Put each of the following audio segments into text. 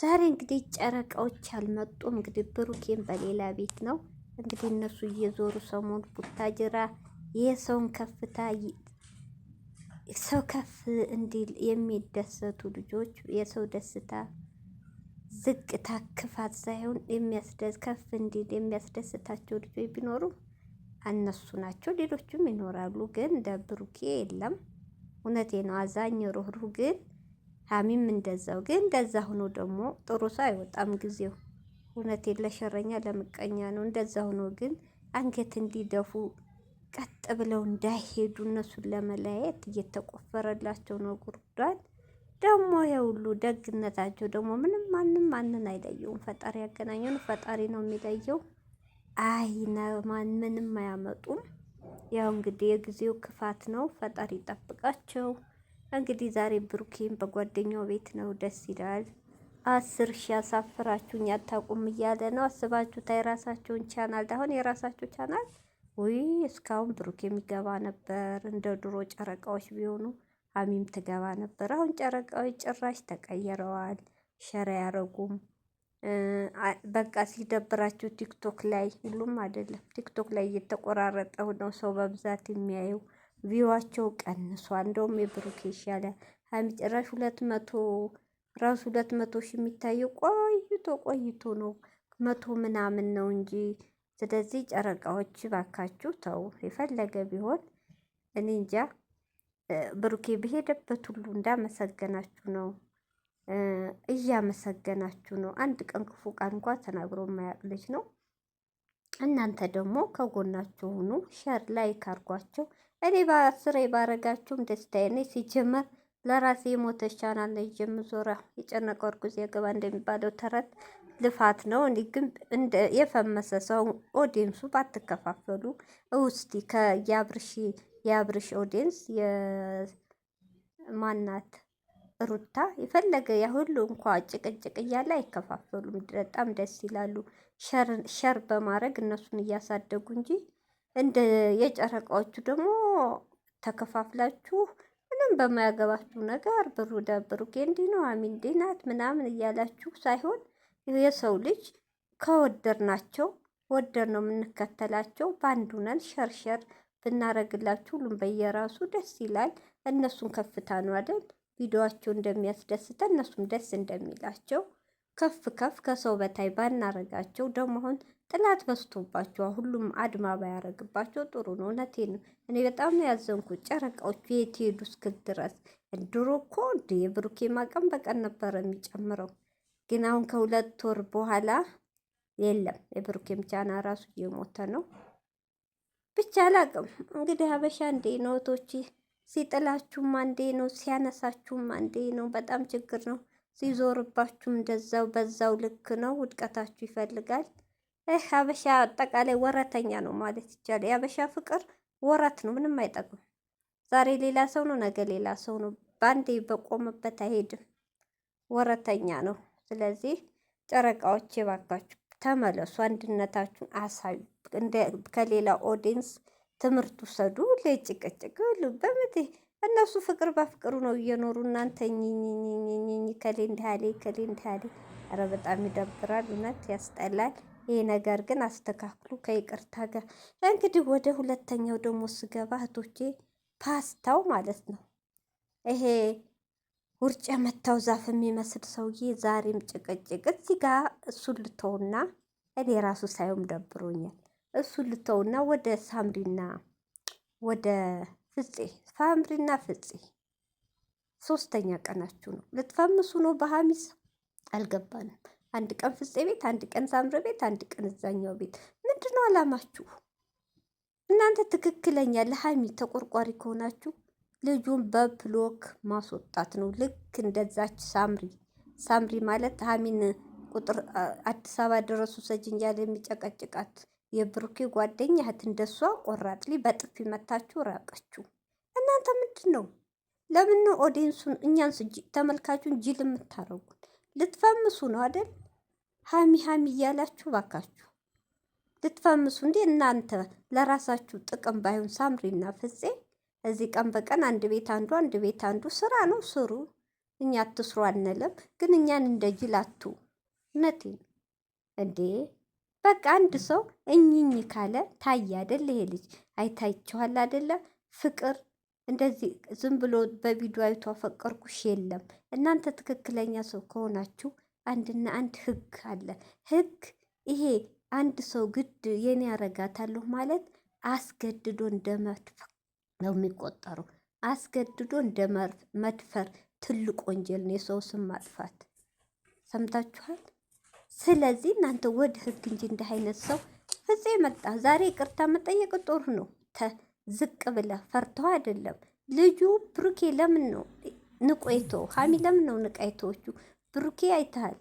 ዛሬ እንግዲህ ጨረቃዎች አልመጡም። እንግዲህ ብሩኬን በሌላ ቤት ነው እንግዲህ እነሱ እየዞሩ ሰሞን ቡታጅራ የሰውን ከፍታ ሰው ከፍ እንዲል የሚደሰቱ ልጆች የሰው ደስታ ዝቅታ፣ ክፋት ሳይሆን የሚያስደስ ከፍ እንዲል የሚያስደስታቸው ልጆች ቢኖሩ እነሱ ናቸው። ሌሎችም ይኖራሉ፣ ግን እንደ ብሩኬ የለም። እውነቴ ነው። አዛኝ ሩህሩህ ግን ሀሚም እንደዛው። ግን እንደዛ ሆኖ ደግሞ ጥሩ ሰው አይወጣም ጊዜው። ለሸረኛ ለምቀኛ ነው። እንደዛ ሆኖ ግን አንገት እንዲደፉ ቀጥ ብለው እንዳይሄዱ እነሱን ለመለያየት እየተቆፈረላቸው ነው ጉርዷን። ደግሞ የሁሉ ደግነታቸው ደግሞ ምንም ማንም ማንን አይለየውም። ፈጣሪ ያገናኘውን ፈጣሪ ነው የሚለየው። አይ ነማን ምንም አያመጡም። ያው እንግዲህ የጊዜው ክፋት ነው። ፈጣሪ ይጠብቃቸው። እንግዲህ ዛሬ ብሩኬን በጓደኛው ቤት ነው። ደስ ይላል። አስር ሺ ያሳፍራችሁኝ አታውቁም እያለ ነው። አስባችሁታ የራሳችሁን ቻናል አሁን የራሳችሁ ቻናል ወይ እስካሁን ብሩኬ የሚገባ ነበር። እንደ ድሮ ጨረቃዎች ቢሆኑ አሚም ትገባ ነበር። አሁን ጨረቃዎች ጭራሽ ተቀይረዋል። ሸር አያረጉም በቃ ሲደብራችሁ ቲክቶክ ላይ ሁሉም አይደለም ቲክቶክ ላይ እየተቆራረጠ ነው ሰው በብዛት የሚያየው ቪዋቸው ቀንሷ እንደውም የብሩክ ይሻላል። ጭራሽ ሁለት መቶ ራሱ ሁለት መቶ ሺ የሚታየው ቆይቶ ቆይቶ ነው መቶ ምናምን ነው እንጂ። ስለዚህ ጨረቃዎች ባካችሁ ተው። የፈለገ ቢሆን እኔ እንጃ። ብሩኬ በሄደበት ሁሉ እንዳመሰገናችሁ ነው እያመሰገናችሁ ነው። አንድ ቀን ክፉ ቃል እንኳ ተናግሮ የማያውቅ ልጅ ነው። እናንተ ደግሞ ከጎናችሁ ሁኑ። ሸር ላይክ አርጓቸው። እኔ በስሬ ባረጋችሁም ደስታዬ ነኝ። ሲጀመር ለራሴ የሞተ ቻናል ነው ይዤ የምዞረው። የጨነቀው እርጉዝ ያገባ እንደሚባለው ተረት ልፋት ነው። እንዲህ ግን የፈመሰ ሰው ኦዲየንሱ ባትከፋፈሉ ውስቲ ከየአብርሽ የአብርሽ ኦዲየንስ የማናት ሩታ የፈለገ ያሁሉ እንኳ ጭቅጭቅ እያለ አይከፋፈሉም። በጣም ደስ ይላሉ። ሸር በማድረግ እነሱን እያሳደጉ እንጂ እንደ የጨረቃዎቹ ደግሞ ተከፋፍላችሁ ምንም በማያገባችሁ ነገር ብሩ ብሩኬ እንዲህ ነው አሚ ናት ምናምን እያላችሁ ሳይሆን የሰው ልጅ ከወደር ናቸው ወደር ነው የምንከተላቸው። በአንዱ ነን ሸርሸር ብናረግላችሁ ሁሉም በየራሱ ደስ ይላል። እነሱን ከፍታ ነው አይደል? ቪዲዮቸው እንደሚያስደስተን እነሱም ደስ እንደሚላቸው ከፍ ከፍ ከሰው በታይ ባናረጋቸው ደግሞ አሁን ጥላት በስቶባቸዋል። ሁሉም አድማ ባያረግባቸው ጥሩ ነው። እውነቴን ነው። እኔ በጣም ነው ያዘንኩት። ጨረቃዎቹ የት ሄዱ እስክል ድረስ ድሮ እኮ የብሩኬ ማቀም በቀን ነበረ የሚጨምረው፣ ግን አሁን ከሁለት ወር በኋላ የለም። የብሩኬም ቻና ራሱ እየሞተ ነው። ብቻ አላቅም እንግዲህ ሀበሻ እንዴ ነውቶች ሲጥላችሁም አንዴ ነው፣ ሲያነሳችሁም አንዴ ነው። በጣም ችግር ነው። ሲዞርባችሁም እንደዛው በዛው ልክ ነው። ውድቀታችሁ ይፈልጋል። ሀበሻ አጠቃላይ ወረተኛ ነው ማለት ይቻላል። የሀበሻ ፍቅር ወረት ነው፣ ምንም አይጠቅም። ዛሬ ሌላ ሰው ነው፣ ነገ ሌላ ሰው ነው። በአንዴ በቆመበት አይሄድም፣ ወረተኛ ነው። ስለዚህ ጨረቃዎች የባካችሁ ተመለሱ፣ አንድነታችሁን አሳዩ። ከሌላ ኦዲንስ ትምህርት ውሰዱ ሁሉ በምት እነሱ ፍቅር በፍቅሩ ነው እየኖሩ እናንተ ኝኝኝኝኝ ከሌ እንዲህሌ ከሌ እንዲህሌ። ኧረ በጣም ይደብራል፣ እውነት ያስጠላል። ይህ ነገር ግን አስተካክሉ ከይቅርታ ጋር። እንግዲህ ወደ ሁለተኛው ደግሞ ስገባ እህቶቼ ፓስታው ማለት ነው ይሄ ውርጭ የመታው ዛፍ የሚመስል ሰውዬ ዛሬም ጭቅጭቅ እዚህ ጋር እሱን ልተውና እኔ ራሱ ሳይውም ደብሮኛል። እሱን ልተውና ወደ ሳምሪና ወደ ፍፄ ሳምሪና ፍፄ ሶስተኛ ቀናችሁ ነው። ልትፈምሱ ነው በሀሚስ አልገባንም። አንድ ቀን ፍፄ ቤት፣ አንድ ቀን ሳምሪ ቤት፣ አንድ ቀን እዛኛው ቤት። ምንድነው አላማችሁ? እናንተ ትክክለኛ ለሀሚ ተቆርቋሪ ከሆናችሁ ልጁን በፕሎክ ማስወጣት ነው። ልክ እንደዛች ሳምሪ ሳምሪ ማለት ሀሚን ቁጥር አዲስ አበባ ደረሱ ሰጅ እንጃል የሚጨቀጭቃት የብሩኬ ጓደኛ እህት እንደሷ ቆራጥ በጥፊ መታችሁ ራቀችው። እናንተ ምንድን ነው? ለምን ነው ኦዲንሱን እኛን ተመልካቹን ጅል የምታረጉት? ልትፈምሱ ነው አይደል? ሀሚ ሀሚ እያላችሁ ባካችሁ ልትፈምሱ እንዴ? እናንተ ለራሳችሁ ጥቅም ባይሆን ሳምሪና ፍጼ እዚህ ቀን በቀን አንድ ቤት አንዱ አንድ ቤት አንዱ ስራ ነው ስሩ። እኛ አትስሩ አንልም፣ ግን እኛን እንደ ጅላቱ እውነቴን እንዴ በቃ አንድ ሰው እኝኝ ካለ ታይ አይደል? ይሄ ልጅ አይታችኋል አደለ? ፍቅር እንደዚህ ዝም ብሎ በቪዲዮ አይቶ አፈቀርኩሽ የለም። እናንተ ትክክለኛ ሰው ከሆናችሁ አንድና አንድ ህግ አለ። ህግ ይሄ አንድ ሰው ግድ የኔ ያረጋታለሁ ማለት አስገድዶ እንደ መድፈር ነው የሚቆጠረው። አስገድዶ እንደ መድፈር ትልቅ ወንጀል ነው፣ የሰው ስም ማጥፋት። ሰምታችኋል? ስለዚህ እናንተ ወደ ህግ እንጂ እንዲህ አይነት ሰው ፍፄ መጣ ዛሬ ይቅርታ መጠየቅ ጦር ነው። ዝቅ ብለ ፈርቶ አይደለም ልጁ ብሩኬ ለምን ነው ንቆይቶ ሀሚ ለምን ነው ንቃይቶቹ? ብሩኬ አይተሃል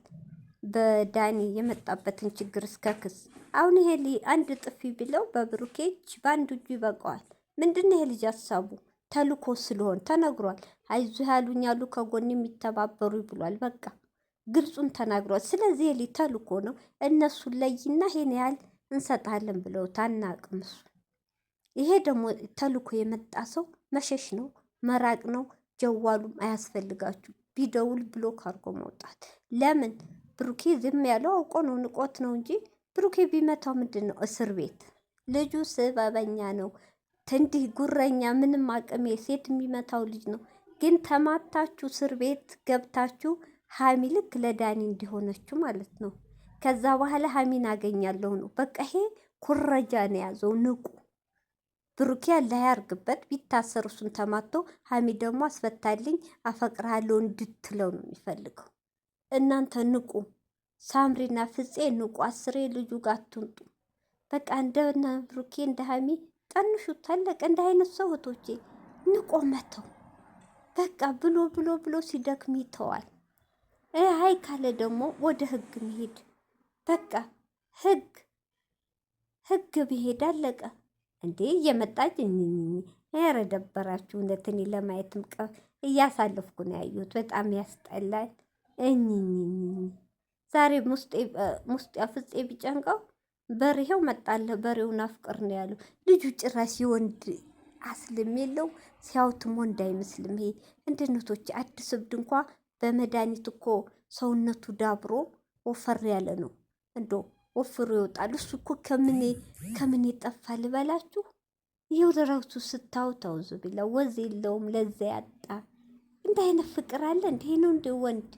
በዳኒ የመጣበትን ችግር እስከ ክስ አሁን ይሄ አንድ ጥፊ ብለው በብሩኬ እጅ በአንድ እጁ ይበቃዋል። ምንድን ይሄ ልጅ ሀሳቡ ተልኮ ስለሆን ተነግሯል። አይዞህ ያሉኝ ያሉ ከጎን የሚተባበሩ ብሏል። በቃ ግልጹን ተናግሯል። ስለዚህ ሊተል እኮ ነው እነሱን ለይና ይሄን ያህል እንሰጣለን ብለው ታናቅም እሱ ይሄ ደግሞ ተልኮ የመጣ ሰው መሸሽ ነው መራቅ ነው። ጀዋሉም አያስፈልጋችሁ ቢደውል ብሎክ አድርጎ መውጣት። ለምን ብሩኬ ዝም ያለው አውቆ ነው ንቆት ነው እንጂ ብሩኬ ቢመታው ምንድን ነው እስር ቤት። ልጁ ስበበኛ ነው እንዲህ ጉረኛ፣ ምንም አቅም የሴት የሚመታው ልጅ ነው። ግን ተማታችሁ እስር ቤት ገብታችሁ ሀሚ ልክ ለዳኒ እንዲሆነችው ማለት ነው። ከዛ በኋላ ሀሚን አገኛለሁ ነው በቃ። ይሄ ኩረጃ ነው ያዘው። ንቁ ብሩኬ አላህ ያርግበት። ቢታሰር እሱን ተማቶ ሀሚ ደግሞ አስፈታልኝ አፈቅርሃለሁ እንድትለው ነው የሚፈልገው። እናንተ ንቁ፣ ሳምሪና ፍፄ ንቁ። አስሬ ልጁ ጋር አትምጡ። በቃ እንደ ብሩኬ እንደ ሀሚ ጠንሹ ታለቀ። እንደ አይነት ሰውቶቼ ንቆ መተው በቃ ብሎ ብሎ ብሎ ሲደክም ይተዋል። አይ ካለ ደግሞ ወደ ህግ መሄድ በቃ ህግ ህግ ብሄድ አለቀ እንዴ እየመጣች ኧረ ደበራችሁ እንደትኔ ለማየትም ቀ እያሳለፍኩ ነው ያየሁት በጣም ያስጠላል እኝኝኝ ዛሬ ሙስጤ ፍፄ ቢጨንቀው በሬው መጣለ በሬውን አፍቅር ነው ያሉ ልጁ ጭራሽ ሲወንድ አስልም የለው ሲያውትም ወንድ አይመስልም ይሄ እንደነቶች አዲስ እብድ እንኳ በመድኃኒት እኮ ሰውነቱ ዳብሮ ወፈር ያለ ነው። እንዶ ወፍሮ ይወጣል። እሱ እኮ ከምን ከምን ይጠፋ ልበላችሁ። ይኸው ደረቱ ስታው ተውዙ ቢላ ወዝ የለውም ለዛ ያጣ እንደ አይነት ፍቅር አለ። እንዲህ ነው እንደ ወንድ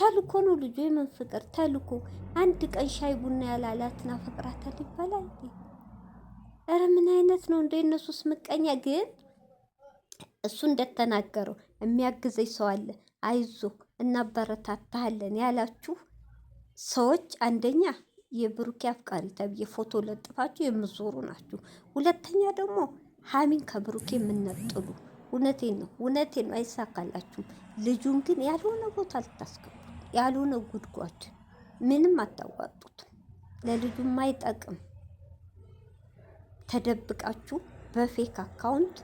ተልኮ ነው ልጁ። የምን ፍቅር ተልኮ። አንድ ቀን ሻይ ቡና ያላላትና ፍቅራታል ይባላል። እረ ምን አይነት ነው እንደ እነሱስ ምቀኛ ግን እሱ እንደተናገረው የሚያግዘኝ ሰው አለ። አይዞ እናበረታታለን ያላችሁ ሰዎች አንደኛ የብሩኬ አፍቃሪ ተብዬ ፎቶ ለጥፋችሁ የምዞሩ ናችሁ። ሁለተኛ ደግሞ ሀሚን ከብሩኬ የምነጥሉ እውነቴን ነው እውነቴን ነው፣ አይሳካላችሁም። ልጁን ግን ያልሆነ ቦታ ልታስገቡ ያልሆነ ጉድጓድ ምንም አታዋጡት ለልጁም አይጠቅም። ተደብቃችሁ በፌክ አካውንት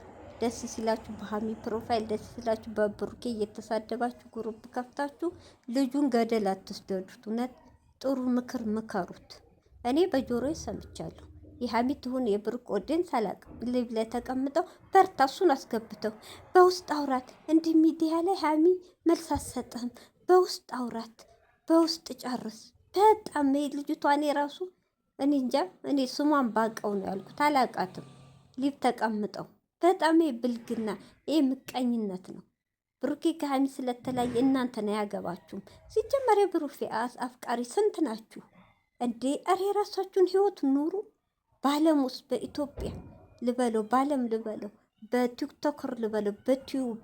ደስ ሲላችሁ በሀሚ ፕሮፋይል፣ ደስ ሲላችሁ በብሩኬ እየተሳደባችሁ ግሩፕ ከፍታችሁ ልጁን ገደል አትስደዱት። እውነት ጥሩ ምክር ምከሩት። እኔ በጆሮ ሰምቻለሁ። የሀሚ ትሁን የብሩክ ኦዲየንስ ሳላቅ ልብ ላይ ተቀምጠው በርታ፣ እሱን አስገብተው በውስጥ አውራት። እንዲህ ሚዲያ ላይ ሀሚ መልስ አትሰጥህም። በውስጥ አውራት፣ በውስጥ ጨርስ። በጣም ልጅቷን ራሱ እኔ እንጃ፣ እኔ ስሟን ባቀው ነው ያልኩት፣ አላቃትም። ሊብ ተቀምጠው በጣም ብልግና፣ ይህ ምቀኝነት ነው። ብሩኬ ከሀይሚ ስለተለያየ እናንተን አያገባችሁም። ሲጀመር የብሩኬ አፍቃሪ ስንት ናችሁ እንዴ? አሬ የራሳችሁን ህይወት ኑሩ። በአለም ውስጥ በኢትዮጵያ ልበለው፣ በአለም ልበለው፣ በቲክቶክር ልበለው፣ በቲዩብ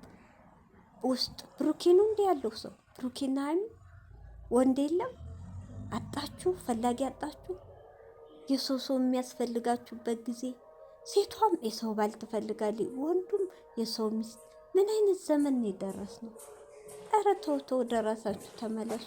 ውስጥ ብሩኬ ነው እንዲ ያለው ሰው። ብሩኬና ሀይሚ ወንድ የለም አጣችሁ፣ ፈላጊ አጣችሁ። የሰው ሰው የሚያስፈልጋችሁበት ጊዜ ሴቷም የሰው ባል ትፈልጋለች፣ ወንዱም የሰው ሚስት። ምን አይነት ዘመን የደረስ ነው? ኧረ ተው ተው፣ ወደ ራሳችሁ ተመለሱ።